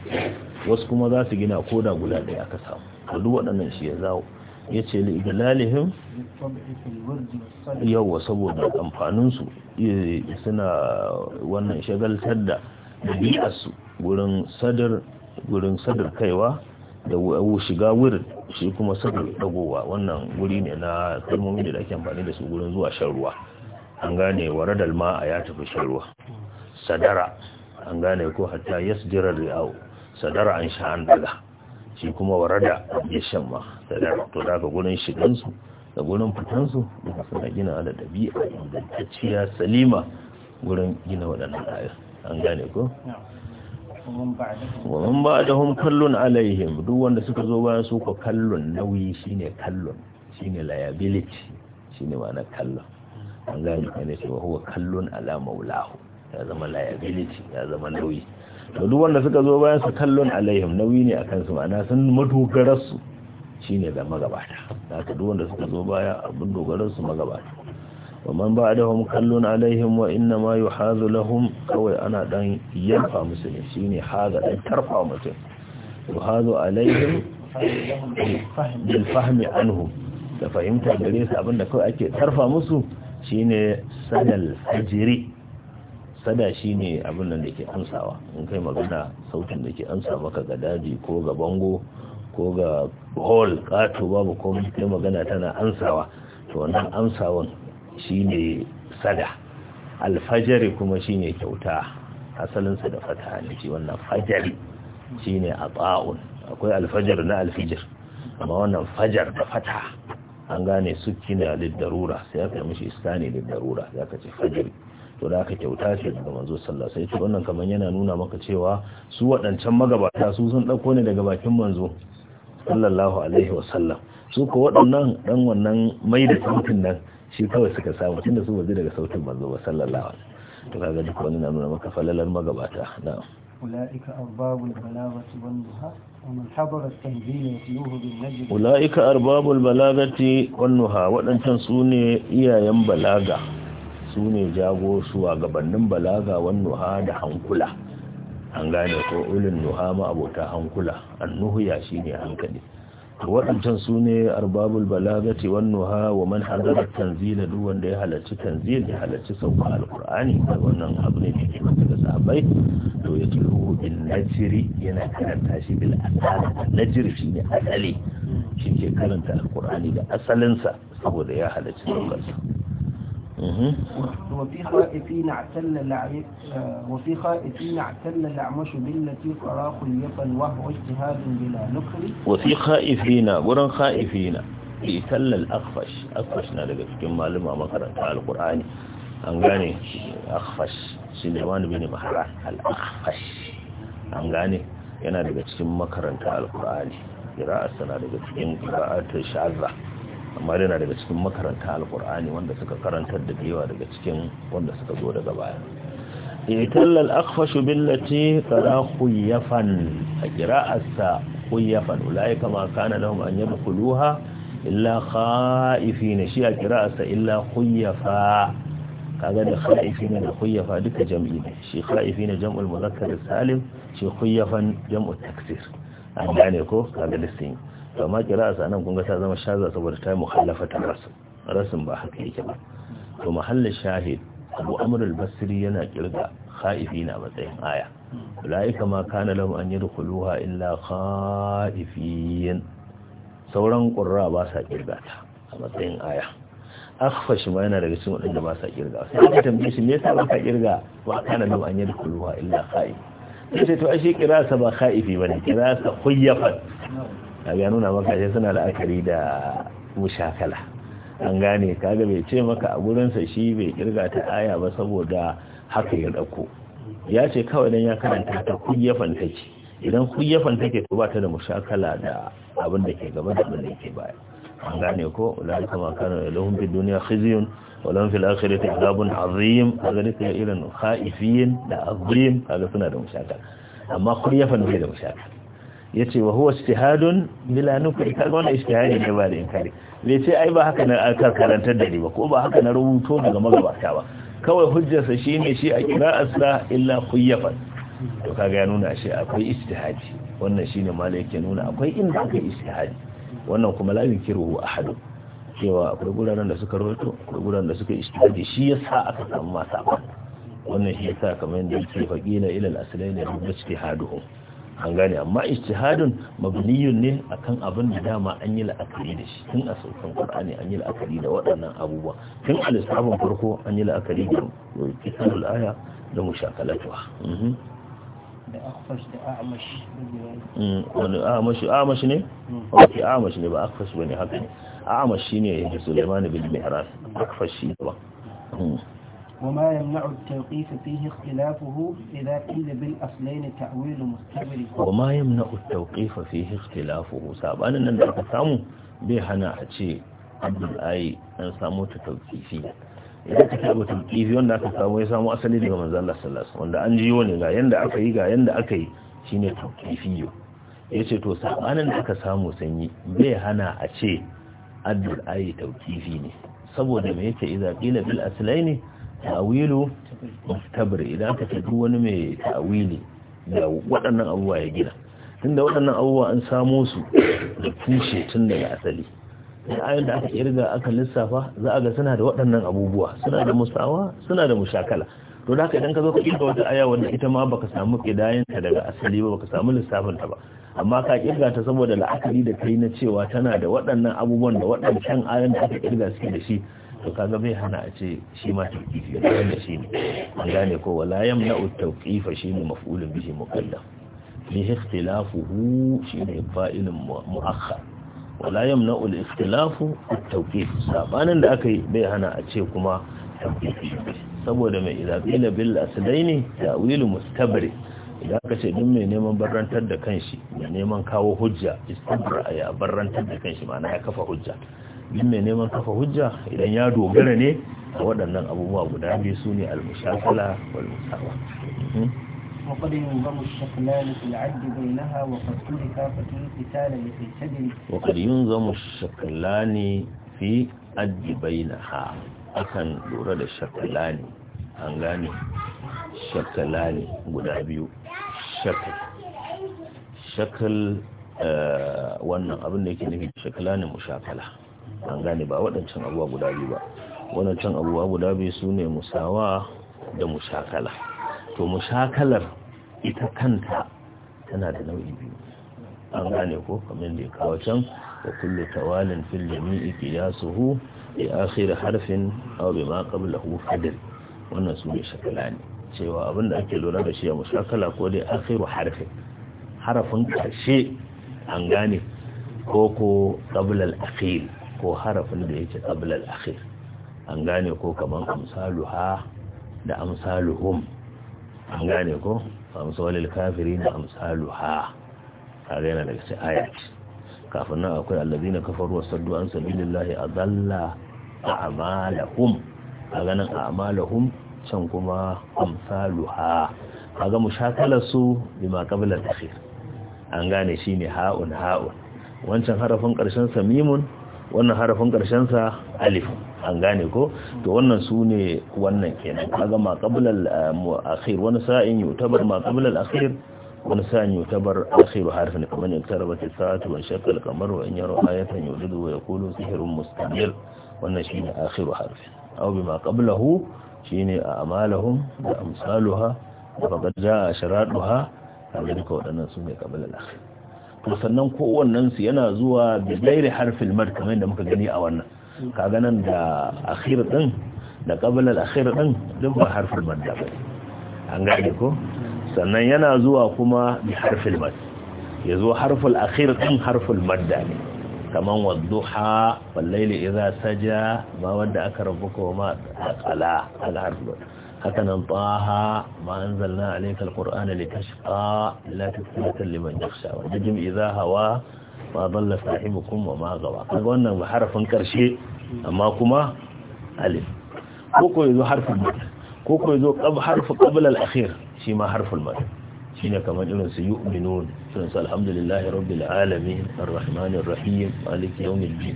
wasu kuma za su gina ko da guda ɗaya aka samu to waɗannan shi ya zawo ya ce li idlalihim yawa saboda amfaninsu suna wannan shagaltar da ɗabi'arsu gurin sadar gurin sadar kaiwa da shiga wurin shi kuma sadar dagowa wannan guri ne na kalmomi da ake amfani da su gurin zuwa shan ruwa an gane wa waradal ma a ya tafi shan ruwa sadara an gane ko hatta yasdira ri'au sadara an sha an daga shi kuma warada ya shamma sadara to daga gurin su da gurin fitansu da suna gina da da tacciya salima gurin gina waɗannan ayar an gane ko wa ba ba'dahum hun kallon alaihim duk wanda suka zo bayan su ko kallon nauyi shine kallon shine liability shine ma'ana kallon an gane ne cewa huwa kallon ala maulahu ya zama liability ya zama nauyi to duk wanda suka zo bayan su kallon alaihim nauyi ne a kansu ma'ana sun matogarar su shine da magabata haka duk wanda suka zo baya abin dogarar su magabata wa man ba'dahum kallon alaihim wa inna ma yuhazu lahum kawai ana dan yarfa musu ne shine haza dan tarfa mutum yuhazu alaihim bil fahmi anhu da fahimta gare su abinda kawai ake tarfa musu shine sanal ajiri sada shi ne abin da ke amsawa in kai magana sautin da ke amsa maka ga daji ko ga bango ko ga hall kato babu komai kai magana tana amsawa to wannan amsawan shi ne sada alfajari kuma shi ne kyauta asalinsa da fata ne ce wannan fajari shi ne a ba'un akwai alfajar na alfijir amma wannan fajar da fata an gane su kina da darura sai aka mishi ne da darura za ka ce fajari to da aka kyauta ce daga manzo sallah sai to wannan kamar yana nuna maka cewa su waɗancan magabata su sun ɗauko ne daga bakin manzo sallallahu alaihi wasallam su ko waɗannan ɗan wannan mai da sautin nan shi kawai suka samu tunda su bazu daga sautin manzo ba sallallahu alaihi to kaga duk wani na nuna maka falalar magabata na'am أولئك أرباب البلاغة والنهى ومن حضر التنزيل يتلوه بالنجم أولئك أرباب البلاغة والنهى وأن sune iyayen balaga su ne jago su a gabanin balaga wan nuha da hankula an gane ko ulin nuha ma abota hankula shi shine hankali waɗancan su ne arbabul balagati wan nuha wa man hadara tanzila duk wanda ya halarci tanzil ya halarci sauka alqur'ani da wannan abu ne da ke da sahabbai to ya tulu in najiri yana karanta shi bil asali najiri shi ne asali shi ke karanta alƙur'ani da asalinsa saboda ya halarci saukarsa وفي خائفين اعتل وفي خائفين اعتل الأعمش بالتي قرا خليفا وهو اجتهاد بلا نكر وفي خائفين قرن خائفين اعتل الأخفش أخفشنا لك كم معلومة مقرأة القرآن an gane akhfash suleiman bin mahara al-akhfash an gane yana daga cikin makaranta al-qur'ani qira'at tana daga cikin qira'atul shazza amma yana daga cikin makaranta alkur'ani wanda suka karantar da yawa daga cikin wanda suka zo daga baya itallal akhfashu billati qara khuyafan qira'atsa khuyafan ulai kama kana lahum an yadkhuluha illa khaifin shi qira'atsa illa khuyafa kaga da khaifin da khuyafa duka jam'i ne shi khaifin jam'ul mudhakkar salim shi khuyafan jam'u taksir an gane ko kaga listin to amma kira a nan kun ga ta zama shaza saboda ta mukhallafata rasul rasul ba haka yake ba to mahallin shahid abu amr al-basri yana kirga khaifina matsayin aya ulaika ma kana lahum an yadkhuluha illa khaifin sauran qurra ba sa kirga ta a matsayin aya akhfa shi ma yana daga cikin wadanda ba sa kirga sai ta tambaye shi me yasa ba ka kirga ba kana lahum an yadkhuluha illa khaif sai to ashe kirasa ba khaifi bane kirasa khuyyafat a ya nuna maka shi suna la'akari da mushakala an gane kaga bai ce maka a gurinsa shi bai kirga ta aya ba saboda haka ya dauko. ya ce kawai dan ya karanta ta kuyya take idan kuyya take to ba ta da mushakala da abin da ke gaba da abin da ke baya an gane ko ulai kama kana lahum fi dunya khizyun wa lahum fil akhirati azabun azim kaga duk irin khaifiyin da azim kaga suna da mushakala amma kuyya bai da mushakala ya ce wa huwa istihadun bila nukri kaga wani istihadi ne ba da inkari bai ce ai ba haka na alkar karantar da ni ba ko ba haka na rubuto daga magabata ba kawai hujjarsa shine shi a kira qira'atsa illa kuyyafan to kaga ya nuna shi akwai istihadi wannan shi ne malai ke nuna akwai inda aka istihadi wannan kuma la a hadu cewa akwai guraren da suka rawaito akwai guraren da suka istihadi shi ya sa aka samu masa wannan shi ya sa kamar yadda yake faqila ila al-aslain ya rubuta istihaduhum an gane amma ijtihadun mabniyun ne akan abin da dama an yi la'akari da shi tun a saukan qur'ani an yi la'akari da waɗannan abubuwa tun a lissafin farko an yi la'akari da kitabul aya da mushakalatuwa mhm. da akfash da amash mm, wani amash amash ne mm. ok amash ne ba akfash bane haka ne amash shine Sulaiman bin Mihras akfash shi ba وما يمنع التوقيف فيه اختلافه إذا قيل بالأصلين تأويل مستمر وما يمنع التوقيف فيه اختلافه سابانا أن أقسامه بهنا أتشي عبد الآي أن سامو تتوقيفي idan ka taɓa tulkifi wanda aka samu ya samu asali daga manzo Allah sallallahu alaihi wasallam wanda an ji wani ga yanda aka yi ga yanda aka yi shine tulkifiyo yace to sabanin da aka samu sanyi bai hana a ce addu'a ai tauqifi ne saboda me yake idza qila bil aslaini ta'awilu mustabir idan aka ce wani mai ta'awili da waɗannan abubuwa ya gina tunda waɗannan abubuwa an samo su da tushe tun daga asali da ayon da aka kirga aka lissafa za a ga suna da waɗannan abubuwa suna da musawa suna da mushakala to da haka idan ka zo ka kirga wata aya wanda ita ma baka samu kidayanta daga asali ba baka samu lissafin ta ba amma ka kirga ta saboda la'akari da kai na cewa tana da waɗannan abubuwan da waɗancan ayoyin da aka kirga suke da shi to kaga bai hana a ce shi ma tauqifi wanda shi ne an gane ko wala yamna at-tawqifa shi ne maf'ulun bihi muqaddam li ikhtilafuhu shi ne fa'ilun mu'akhkhar wala yamna al-ikhtilafu at-tawqif sabanin da aka yi bai hana a ce kuma tawqifi saboda mai idza qila bil asdaini ta'wil mustabri idan aka ce din mai neman barantar da kanshi mai neman kawo hujja istibra ya barrantar da kanshi ma'ana ya kafa hujja din mai neman kafa hujja idan ya dogara ne a waɗannan abubuwa guda biyu su ne al-mushakala wal musawa wa qad yunzamu في fi بينها وقد ترك فتي القتال akan lura da shakalani an gane shakalani guda biyu shakal shakal wannan abin da yake nufi shakalani mushakala an gane ba waɗancan abubuwa guda biyu ba waɗancan abubuwa guda biyu su ne musawa da mushakala to mushakalar ita kanta tana da nau'i biyu an gane ko kamar da ya kawo can wa kullu tawalin fil jami'i da bi akhir harfin aw bima qablahu fadl wannan su ne shakala ne cewa abin da ake lura da shi a mushakala ko dai akhiru harfin harafin karshe an gane ko ko qabla al-akhir ko harafin da yake qabla al-akhir an gane ko kaman amsaluha da amsaluhum an gane ko amsalul kafirin amsaluha kaga yana daga cikin ayat kafin nan akwai allazina kafaru wa saddu an sabilillahi adalla a'malahum a nan a'malahum can kuma amsaluha ga mushakalar su ma qabla al-akhir an gane shine ha'un ha'un wancan harafin ƙarshen samimun wannan harafin karshen sa alif an gane ko to wannan su ne wannan kenan kaga ma qabla al-akhir eh, wani sa'in yutabar ma qabla akhir wani sa'in yutabar akhir harfin kamar in tarabat as-sa'atu wa shaqqa al wa in yara ayatan yudidu wa yaqulu sihrun mustamir wannan shine akhir harfin aw bima qablahu shine a'malahum da amsaluha da faqad jaa sharaduha kaga duka waɗannan su ne qabla akhir to sannan kowannen su yana zuwa bi gairi harfin mad kamar da muka gani a wannan kaga nan da akhir din da qabl al akhir din duk ba harfin mad da an gane ko sannan yana zuwa kuma bi harfin mad ya zo harful akhir din harful da ne kamar wadduha wal layli idha saja ba wanda aka rabbuka ma qala al harfin hakanan taha ma anzalna alayka alqur'ana litashqa la tadhkiratan liman yakhsha wa najm idha hawa ma dalla sahibukum wa ma gawa kaga wannan harafin karshe amma kuma alif ko ko yazo harfin mad ko ko yazo harfu qabla al-akhir shi ma harful mad shine kamar irin su yu'minun irin su alhamdulillahi rabbil alamin arrahmanir rahim maliki yawmiddin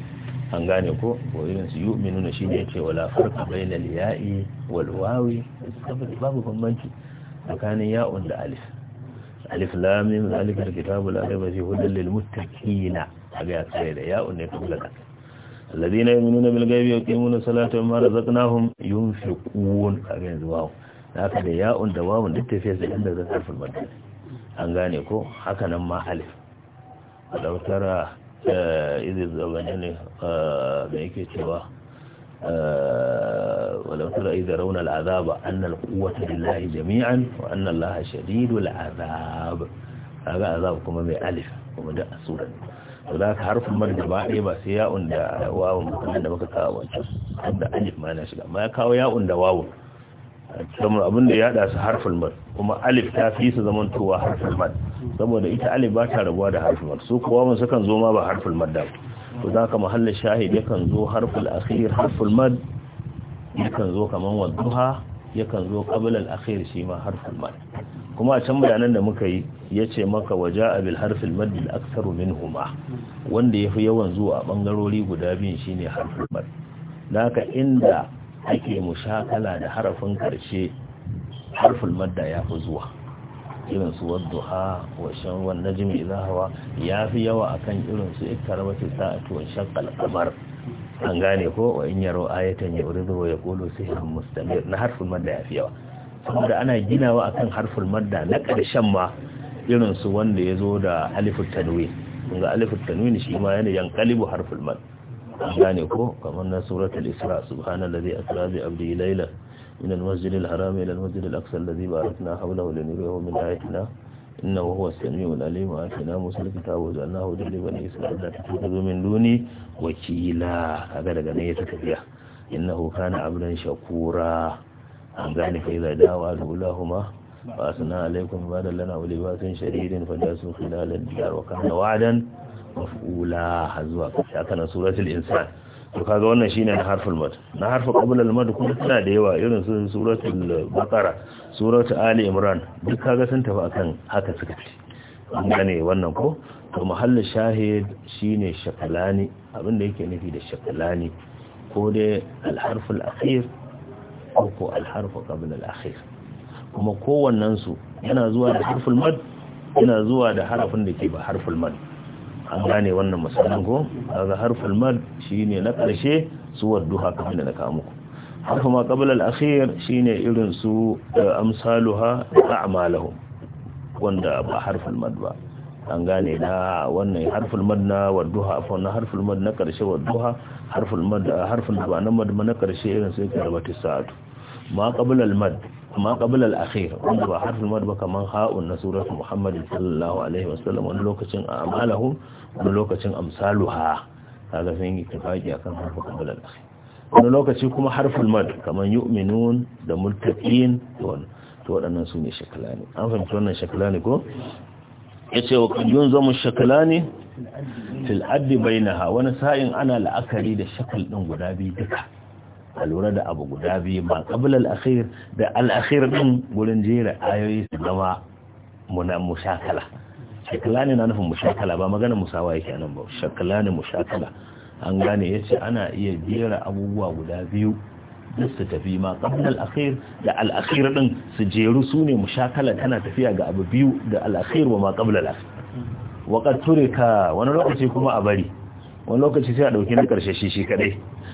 an gane ko wayoyin su yu'minu na shine yace wala farqa bainal ya'i wal wawi babu bambanci tsakanin ya'un da alif alif lam mim zalika alkitabu la rayba fihi hudan lil muttaqina kaga ya tsaya da ya'un ne kuma da alladhina yu'minuna bil ghaibi wa yuqimuna salata mimma razaqnahum yunfiqun kaga yanzu wawo haka da ya'un da wawun duk tafiya sai inda zan harfin madda an gane ko haka nan ma alif alau tara da eh, irin zamani ne eh, da yake cewa eh, wadda tura izi raunar al'azaba annal kuwata lillahi jami'an wa annal laha shadidu al'azaba kaga azaba kuma mai alif kuma da a suran da za ka harfi marar gaba ɗaya ba sai ya'un da wawon mutum da baka kawo wancan wanda alif ma na shiga ma ya kawo ya'un da wawon kamar abin da ya haɗa su harfin mad kuma alif ta fi su zaman towa harfin mad saboda ita alif ba ta rabuwa da harfin mad su kuwa mun sukan zo ma ba harfin mad da to za ka mahallin shahid yakan zo harfin akhir harfin mad yakan zo kaman wadduha yakan zo qabla al-akhir shi ma harfin mad kuma a can bayanan da muka yi ya ce maka waje abil harfil maddi aksaru min huma wanda ya fi yawan zuwa a ɓangarori guda biyun shine harfil mad da haka inda ake mushakala da harafin karshe harfin madda ya fi zuwa irin su ha wa shan wan najmi idha hawa ya fi yawa akan irin su ta a tuwon shakal kamar an gane ko wa in yaro ayatan ya kolo sai sihrun mustamir na harfin madda ya fi yawa saboda ana ginawa akan harfin madda na karshen ma irin su wanda ya zo da alifut tanwi ga alifut tanwin shi ma yana yan qalibu madda gane ko kamar na suratul isra subhanallazi asra bi abdi layla min al-masjid al-haram ila al-masjid al-aqsa alladhi barakna hawlahu linuriyahu min ayatina innahu huwa as-sami'ul alim wa atina musa al-kitaba wa ja'alnahu hudan bani isra'il min duni wakila kaga daga ne ta tafiya innahu kana abdan shakura an gane kai da dawa lahuma wa asna alaikum ibadallana wa libasin shadidin fa dasu khilal al-diyar wa kana wa'dan maf'ula ha zuwa kashi haka nan suratul insan to kaga wannan shine na harful mad na harfu qabla al mad kuma tana da yawa irin su suratul baqara suratul ali imran duk kaga sun tafi akan haka suka ce an gane wannan ko to mahallu shahid shine shakalani abinda yake nufi da shakalani ko dai al harful akhir ko al harfu qabla al akhir kuma kowannen su yana zuwa da harful mad yana zuwa da harafin da ke ba harful mad an gane wannan musamman ko harfin mal shi ne na karshe su duha haka da na kamu harfin ma ƙabal al shi ne irin su eh, amsaluha a'maluhum wanda ba harfin mal ba an gane na wannan harfin mal na wadduha afwan na harfin mal na karshe wadduha harful mad da ba na ma na karshe irin su yake da sa'adu ma qabla al-mad amma qabla al-akhir wanda ba harfin madu ba kaman ha'un na suratu muhammad sallallahu alaihi wasallam wani lokacin amalahu wani lokacin amsaluha kaga sun yi tafaki akan harfin qabla al-akhir wani lokaci kuma harfin mad kaman yu'minun da multaqin to waɗannan su ne shaklani an fahimci wannan shaklani ko ya ce wa kujiyun zama shakalani fil'addi bai na ha wani sa'in ana la'akari da shakal ɗin guda biyu duka a lura da abu guda biyu ma qabla akhir da al ɗin din gurin jera ayoyi su gama muna mushakala shakala ne na nufin mushakala ba magana musawa yake nan ba shakala mushakala an gane yace ana iya jera abubuwa guda biyu duk su tafi ma qabla al-akhir da al ɗin din su jeru su mushakala tana tafiya ga abu biyu da al-akhir wa ma qabla al-akhir wa qad turika wani lokaci kuma a bari wani lokaci sai a ɗauki na ƙarshe shi shi kaɗai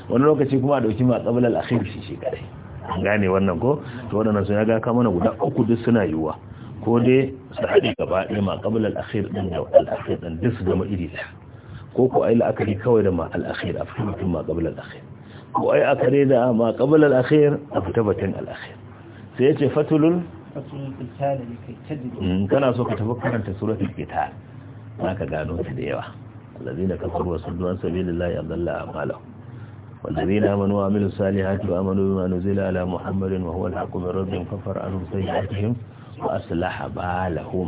wani lokaci kuma a ɗauki ma ƙabal al'akhir shi shi kaɗai an gane wannan ko to waɗannan sun ya ga kama guda uku duk suna yiwuwa ko dai su haɗe gaba ɗaya ma ƙabal al'akhir ɗin da al'akhir ɗin duk su zama iri ɗaya ko ko ai la'akari kawai da ma al'akhir a fita mutum ma ƙabal al'akhir ko ai akare da ma ƙabal al'akhir a fita batun al'akhir sai ya ce fatulul hmm, kana so ka tafi karanta suratul qital za ka gano su da yawa الذين كفروا وصدوا عن سبيل الله أضل أعماله والذين آمنوا وعملوا الصالحات وآمنوا بما نزل على محمد وهو الحق من ربهم كفر عنهم سيئاتهم وأصلح بالهم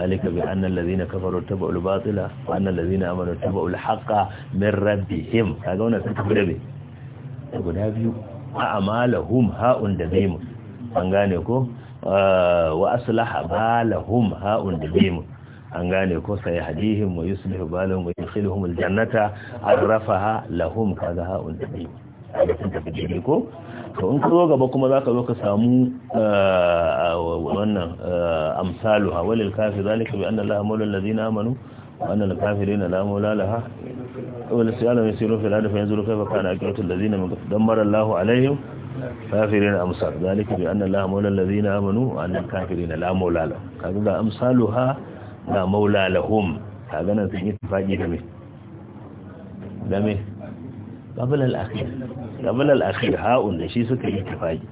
ذلك بأن الذين كفروا اتبعوا الباطلة وأن الذين آمنوا اتبعوا الحق من ربهم هذا هنا تكبر به يقول هذا أعمالهم هاء دميم يقول وأصلح بالهم هاء دميم an gane ko sai hadihim wa yuslihu balahum wa yudkhiluhum aljannata arrafaha lahum kaga ha'un tabi sun tafi daidai ko to in ka zo gaba kuma zaka zo ka samu eh, wannan eh, amsaluha walil kafir zalika bi anna allaha mawla alladhina amanu wa anna alkafirina la mawla laha la siyana yasiru fil ardi fayanzuru kayfa kana aqibatu alladhina damara allahu alaihim kafirina amsal zalika bi anna allaha mawla alladhina amanu wa anna alkafirina la mawla lahum kaga amsaluha la maula lahum kaga nan sun yi tafaki da me da me qabla al-akhir qabla al-akhir ha'un da shi suka yi tafaki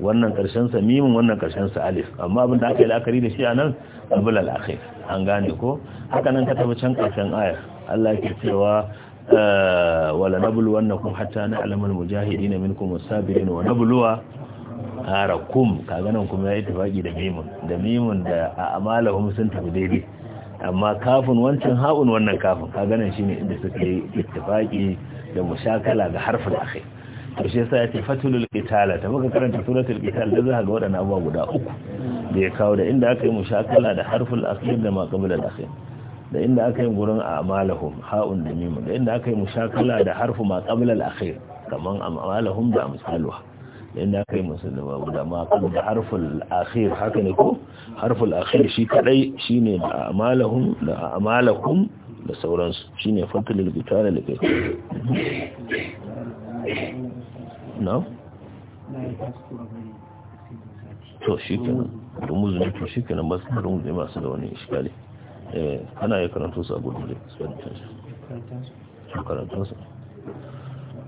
wannan karshen sa mimun wannan karshen sa alif amma abin da aka yi la'akari da shi anan qabla al-akhir an gane ko haka nan ka tafi can karshen ayar Allah ke cewa ah, wala nablu wannakum hatta na'lamu al-mujahidin minkum was sabirin wa nabluwa arakum kaga nan kuma ya yi tafaki da mimun. da mimin da a'malahum sun tafi daidai amma kafin wancan ha'un wannan kafin ka ganin shi ne inda suka yi ittifaki da mushakala ga harfin akhir to shi yasa yace fatulul qitala ta muka karanta suratul qital da za ga wadannan abubuwa guda uku da ya kawo da inda aka yi mushakala da harful akhir da ma qabla al akhir da inda aka yi gurin a'malahum ha'un da mim da inda aka yi mushakala da harfu ma qabla al akhir kaman a'malahum da amsaluha inda na yi musulma guda ma kan da harful akhir haka ne ko harful akhir shi kadai shine da amalahum da amalakum da sauransu shine fatul gutara da kai no to shi kenan da musulmi to shi kenan masu karin musulmi masu da wani iskali eh ana ya karanto su a gudu da su karantansu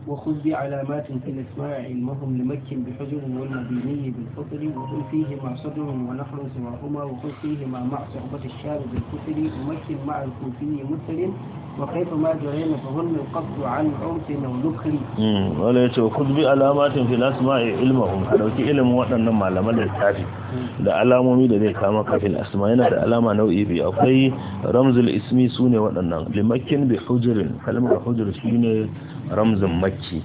وخذ بعلامات الإسماع المهم لمك بحجر والمديني بالفطر وقل مع صدر ونحر سواهما وقل فيه مع صحبة الشارب الفطر ومك مع الكوفي مثل وكيف ما جرينا فهن القصد عن عرف ونكري ولا yace kud bi alamatin fil asma'i ilmahum ka dauki ilimin waɗannan malaman littafi da alamomi da zai kama kafin fil asma yana da alama nau'i bi akwai ramzul ismi su ne waɗannan limakin bi hujrin kalmar shi ne ramzin makki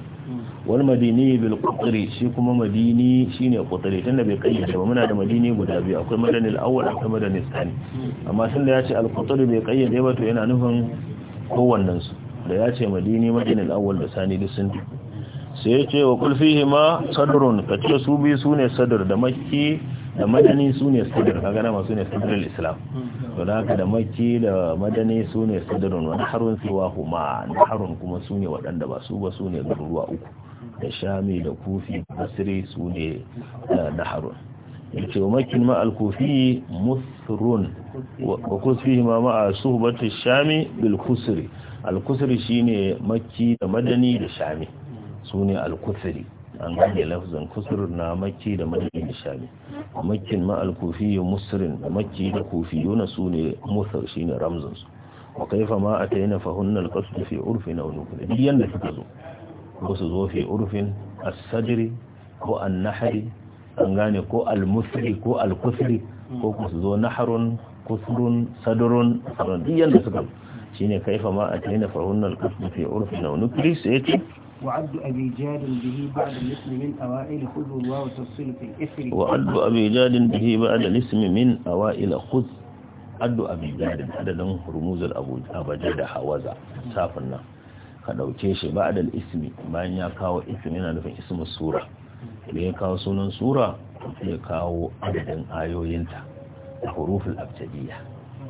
wani madini bil qutri shi kuma madini shi ne shine tun da bai kayyace ba muna da madini guda biyu akwai madanil awwal akwai madanil thani amma tun da ya ce al qutri bai kayyace ba to yana nufin kowannensu su da ya ce madini madina al da sani da sun sai ya ce wa kulfi hima ma ka ce su bi su ne sadar da makki da madani su ne sadr ka gana su ne sadr islam to da haka da makki da madani su ne sadrun wani harun na harun kuma su ne waɗanda ba su ba su ne garuruwa uku da shami da kufi basiri su ne da eh, harun yace makin ma al-kufi musrun wa kusuri ma ma suhbat shami bil kusri al-kusri shine makki da madani da shami sune al-kusri an gane lafizan kusur na makki da madani da shami makin ma al-kufi musrin da makki da kufi kufiyuna sune musr shine ramzin su wa kaifa ma ataina fa hunna al-qasd fi urfin aw nukul diyan da suka zo ko su zo fi urfin as-sadri ko an nahari. an gane ko al-musri ko al-kusri ko kuma su zo naharun kusrun sadurun sadurun duk yadda suka shi ne kaifa ma a ta yana faruwar nan kasu fi urufi na wani kiris ya ce wa addu abi jadin bihi ba da lismi min awa ila kuz addu abi jadin adadin hurmuzar abajar da hawaza safin nan ka dauke shi ba da lismi bayan ya kawo ismi yana nufin ismin sura da ya kawo sunan sura ya kawo adadin ayoyinta a hurufin abjadiyya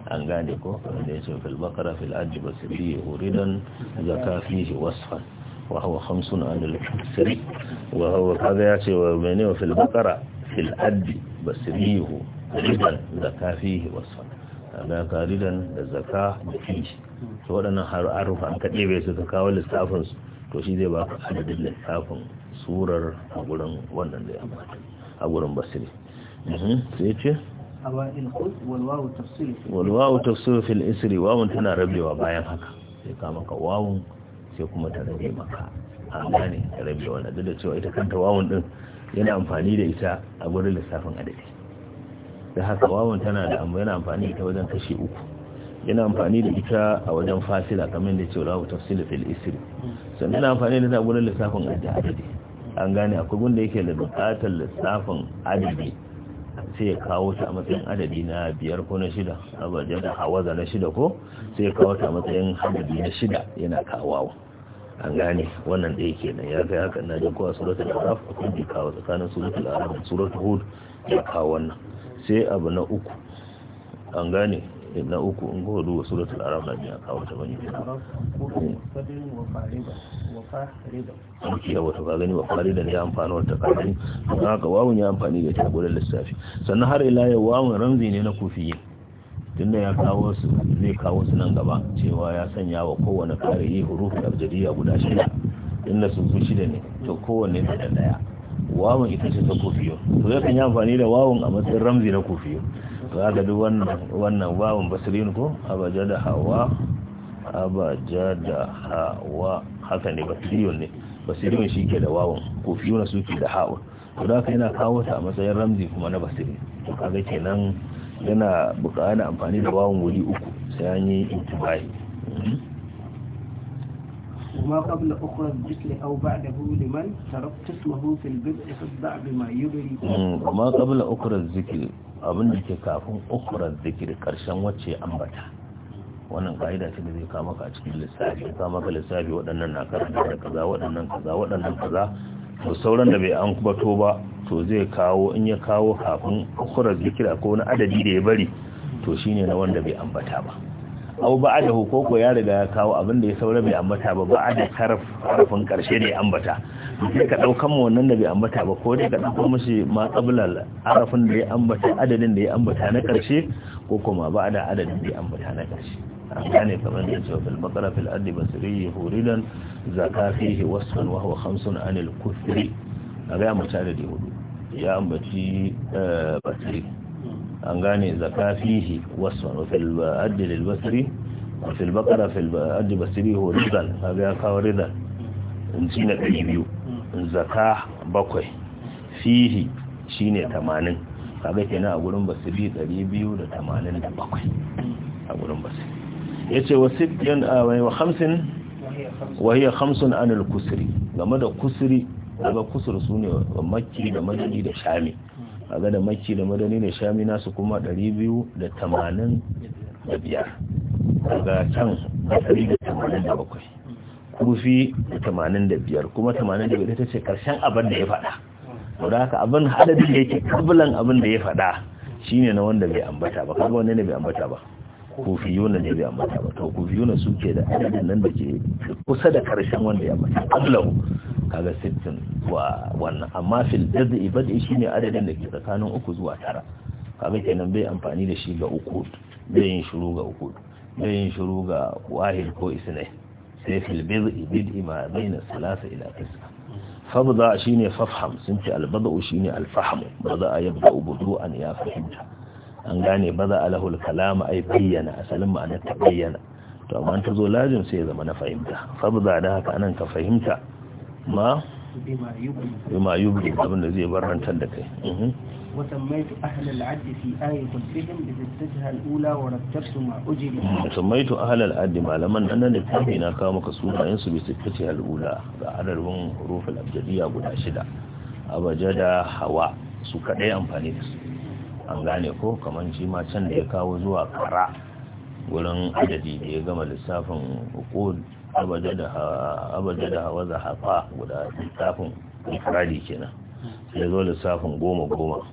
an gane ko da ya ce fil bakara fil ajib asiri huridan zaka fihi wasfan wa huwa khamsun an al kasri wa huwa kaza ya ce wa mene wa fil bakara fil adbi basirihu ridan zaka fihi wasfan da karidan da zaka da fihi to waɗannan harufa an ka ɗebe su ka kawo lissafin to shi zai baka adadin lissafin surar a gurin wannan da ya mata a gurin basiri mhm, sai ce walwawu tafsir fil isri wawun tana rabewa bayan haka sai kama ka wawun sai kuma ta rage maka a gane ta rabewa na duk da cewa ita kanta wawun din yana amfani da ita a gurin lissafin adadi da haka wawun tana da amma yana amfani ita wajen kashe uku yana amfani da ita a wajen fasila kamar da cewa wawun tafsir fil isri mm. sannan yana amfani da ita a gurin lissafin adadi an gane akwai wanda yake da bukatar lissafin adadi sai ya kawo ta a matsayin adadi na biyar ko na shida abajen da hawaza na shida ko sai ya kawo ta matsayin adadi na shida yana kawawa an gane wannan da yake nan ya kai haka na jin kowa da araf a kun kawo tsakanin suratul araf da rata hud ya kawo wannan sai abu na uku an gane na uku in ko duba suratul arab na ya kawo ta bane ya wata ka gani wa fari da ya amfani wata ka gani don haka wawun ya amfani da ta gudan lissafi sannan har ila yau wawun ramzi ne na kufiyin tunda ya kawo su zai kawo su nan gaba cewa ya sanya wa kowane kare yi hurufin abjadiyya guda shida inda sun fi shida ne to kowanne da daya wawun ita ce ta kofiyo to zai kan yi amfani da wawun a matsayin ramzi na kofiyo za ka duk wannan wawan basirin ko abaja da hawa abaja da hawa haka ne basirin ne basirin shi ke da wawan ko fiyuna su ke da hawa to da ka yana kawo ta a matsayin ramzi kuma na basiri to kaga kenan yana buƙatar amfani da wawan wuri uku sai an yi intibai hmm? ما قبل أخرى الذكر أو بعده لمن تركت اسمه في البدء فاتبع بما يبري ما قبل أخرى الذكر abin da ke kafin ukura zikir karshen wacce ambata wannan ka'ida ce da zai kama ka a cikin lissafi ka maka lissafi waɗannan na karanta da kaza waɗannan kaza waɗannan kaza to sauran da bai an kubato ba to zai kawo in ya kawo kafin ukura zikir ko wani adadi da ya bari to shine na wanda bai ambata ba ba a da hukoko ya riga ya kawo abin da ya saura bai ambata ba ba'ada taraf harfin karshe ne ambata sai ka daukan mu wannan da bai ambata ba ko dai ka dauko mishi ma tsabilal harfin da ya ambata adadin da ya ambata na karshe ko kuma ba'ada adadin da ya ambata na karshe gane kamar da cewa bil baqara fil ardi basri huridan zaka fihi wasfan wa huwa khamsun anil kuthri ga ya mutare da hudu ya ambaci eh, basri an gane zaka fihi wasu fil addi lil basri wa fil baqara fil addi basri huwa rizal kaga ya kawo rizal in ci na ɗari biyu zaka bakwai fihi shine tamanin kaga kenan a gurin basri ɗari biyu da tamanin da bakwai a gurin basri ya ce wa sittin wa hamsin wa hiya hamsin anil kusuri game da kusuri daga kusur su ne makki da madani da shami A ga da makki da madani da shami nasu kuma ɗari biyu da tamanin da biyar daga can ɗari da tamanin da bakwai kufi da tamanin da biyar kuma tamanin da biyar ta ce karshen abin da ya faɗa wadda haka abin adadin da yake kabilan abin da ya faɗa shine na wanda bai ambata ba kuma wanda ne bai ambata ba yuna ne bai ambata ba to kufiyuna suke da adadin nan da ke kusa da karshen wanda ya ambata kablahu kaga sittin wa wannan amma fil bad'i ibadi shine adadin da ke tsakanin uku zuwa tara kaga kenan bai amfani da shi ga uku bai yin shiru ga uku bai yin shiru ga wahid ko isnai sai fil bad'i bid'i ma baina salasa ila tis'a fabda shine fafham sun al bada shine alfahmu bada budu an ya fahimta an gane bada alahul kalama ay bayyana asalin ma'anar ta bayyana to amma ta zo lazim sai ya zama na fahimta fabda da haka anan ka fahimta ma bima yubli abin da zai barantar da kai mhm. wasammaitu ahalar addi fi ayyukun fihim da zai tajihar ula wa rattabtu ma'ujibi musammaitu mhm. ahalar addi malaman nan da kafi na kawo maka suna yansu bai tafi ga adadin guda shida abaja da hawa su kaɗai amfani da su an gane ko kamar shi ma can da ya kawo zuwa kara wurin adadi da ya gama lissafin hukumar abada da hawa za hafa guda lissafin ikirari kenan ya zo lissafin goma goma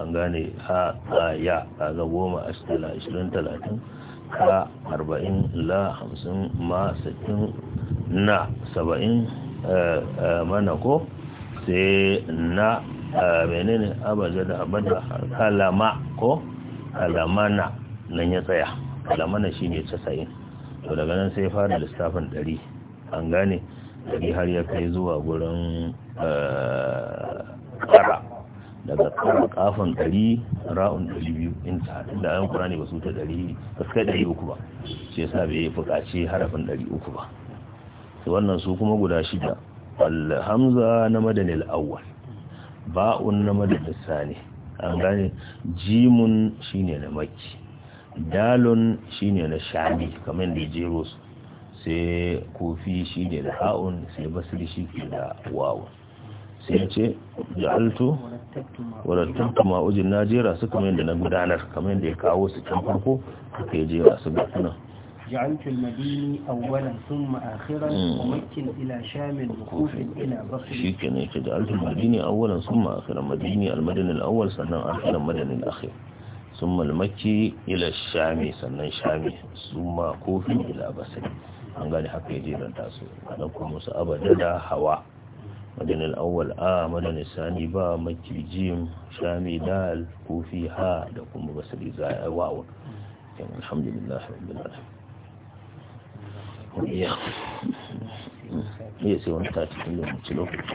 an gane ha ta ya ga goma ashtala ashirin talatin ka arba'in la hamsin ma sittin na saba'in eh, eh, mana ko sai na eh, menene abaja da abada kalama ko kalamana nan ya tsaya kalamana ne casa'in to daga nan sai fara lissafin ɗari an gane ɗari har ya kai zuwa gurin kara eh, daga kafan ɗari ra'un ɗari biyu in ta da an kura ne ba su ta ɗari ba su ɗari uku ba sai sa bai buƙaci harafin ɗari uku ba wannan su kuma guda shida alhamza na madanil awwal ba'un na madanil sani an gane jimun shine na maki dalun shine na shami kamar da jeros sai kofi shine da ha'un sai basiri shi ke da wawa sai ce ja'altu wadattantu ma'ujin na jera su kamar yadda na gudanar kamar yadda ya kawo su can farko haka yi jera su ga tunan جعلت المديني أولا ثم ila ومكن إلى شام وكوف إلى بصر شيك جعلت المديني أولا ثم آخرا مديني المدن الأول سنة آخرا مدن الأخير sun malmaki ila shami sannan shami sun ma kofin ila basari an gani haka ya jeran taso nan kuma su abada da hawa madanin awwal a madanin sani ba maki jim shami dal kofi ha da kuma basari za a wawa yan alhamdulillah ya sai wani lokaci lokaci